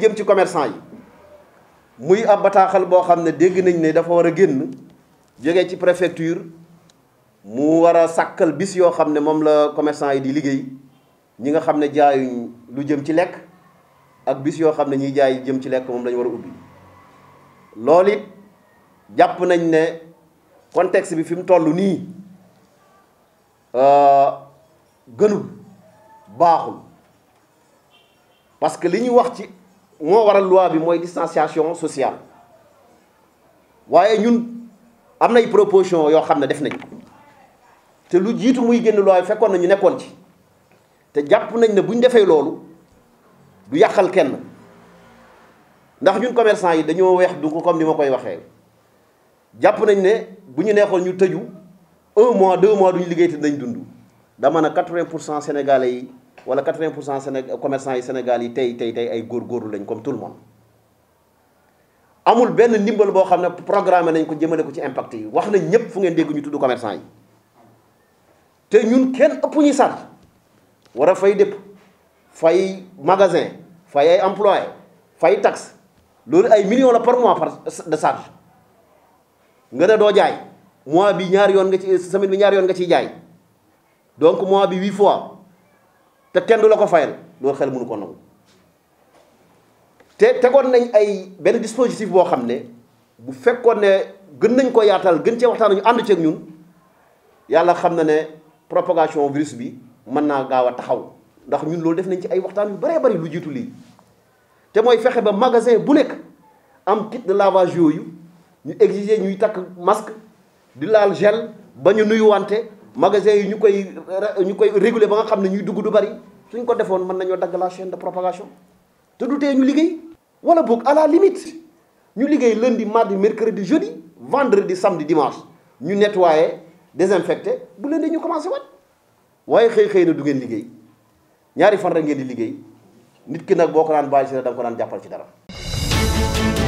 li jëm ci commerçant yi muy ab bataaxal boo xam ne dégg nañ ne dafa war a génn jóge ci préfecture mu war a sàkkal bis yoo xam ne moom la commerçant yi di liggéey ñi nga xam ne jaayuñ lu jëm ci lekk ak bis yoo xam ne ñiy jaay jëm ci lekk moom lañu war a ubbi loolu it jàpp nañ ne contexte bi fi mu toll nii euh, gënul baaxul parce li ñu wax ci moo waral loi bi mooy distanciation sociale waaye ñun am nay proposition yoo xam ne def nañ te lu jiitu muy génn loi bi fekkoon nañu nekkoon ci te jàpp nañ ne bu ñu defee loolu du yàqal kenn ndax ñun commerçant yi dañoo weex du comme ni ma koy waxee jàpp nañ ne bu ñu nekkoon ñu tëju un mois deux mois duñu liggéey te nañ dund dama ne quatre pour cent sénégalais yi Voilà 80 des commerçants sénégalais sont yi comme tout le monde amul ben ndimbal bo xam programme nañ ko jëmale ko ci impact wax na ñepp fu ngeen dégg ñu fay magasins, fay magasin fay ay employé fay millions par mois de charge nga ne jaay mois bi nga ci semaine bi donc mois bi 8 fois te kenn du la ko fayal loolu xel mënu ko nangu te tegoon nañ ay benn dispositif boo xam ne bu fekkoon ne gën nañ ko yaatal gën cee waxtaan ñu ànd ceeg ñun yàlla xam na ne propagation virus bi mën naa gaaw a taxaw ndax ñun loolu def nañ ci ay waxtaan yu bëree bëri lu jiitu lii te mooy fexe ba magasin bu nekk am kit de lavage yooyu ñu exiger ñuy takk masque di laal gel ba ñu nuyuwante magasin yi ñu koy ñu koy réguler ba nga xam ne ñuy dugg du bari suñ ko defoon mën nañoo dagg la chaîne de propagation te du tee ñu liggéey wala boog à la limite ñu liggéey lundi mardi mercredi jeudi vendredi samedi dimanche ñu nettoyer désinfecter bu lundi ñu commencé wat waaye xëy xëy na du ngeen liggéey ñaari fan rek ngeen di liggéey nit ki nag boo ko daan bàyyi si da nga ko daan jàppal ci dara.